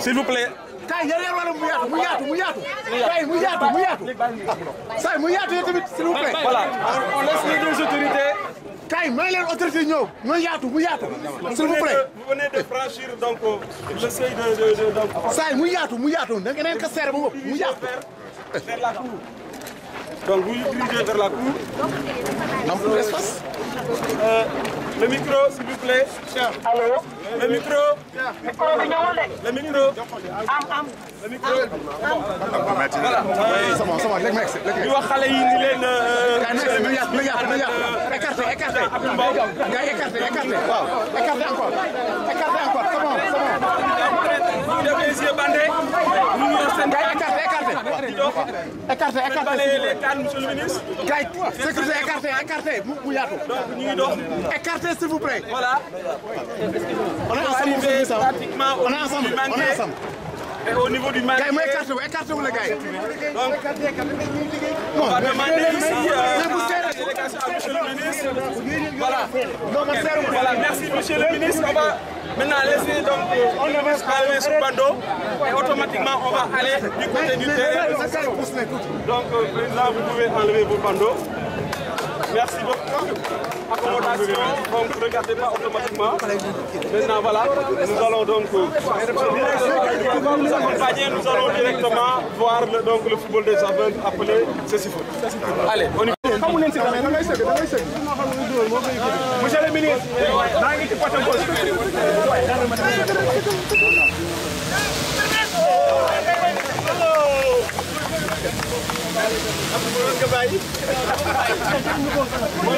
S'il vous plaît. kaay yàlla yàlla wala mu yaatu mu yaatu mu yaatu. mu yaatu mu yaatu. saa mu yaatu yow tamit s'il vous plaît. voilà on laisse les mu yaatu mu le seuil de donc. saa mu yaatu mu yaatu da ngeen ko mu yaatu. vers espace. Le micro, s'il vous plaît. Allô. Le micro. Micro bi ñëwul de. Le micro. am am. Le micro. voilà. sama sama léegi nekk si léegi. ñu wax xale yi ni leen. na yàq na yàq na yàq. écarté écarté. Abdou Mbow. ngay écarté écarté. waaw écarté encore. écarté encore c'est bon. écarté écarté kay sécurité écarté écarté bu yaatu. donc ñu ngi dox. écarté s'il vous plaît. voilà. on est ensemble on est ensemble on est ensemble. et au niveau du manqué. kay mooy écarté wu écarté wu la gars yi. donc on va demander ici. Euh, explications à monsieur le ministre. Voilà. Okay. Voilà, merci monsieur le ministre. On va maintenant laisser donc euh, on avance à sur bandeau on va aller du côté du terrain. Donc euh, président, vous pouvez enlever vos bandeaux. Merci beaucoup. Accommodation, donc ne regardez pas automatiquement. Maintenant, voilà, nous allons donc nous euh, accompagner, nous allons directement voir le, football des aveugles appelé Cécifoot. Allez, xamu leen si dara da ngay sëgg da ngay sëgg monsieur le ministre maa ngi ci côté gauche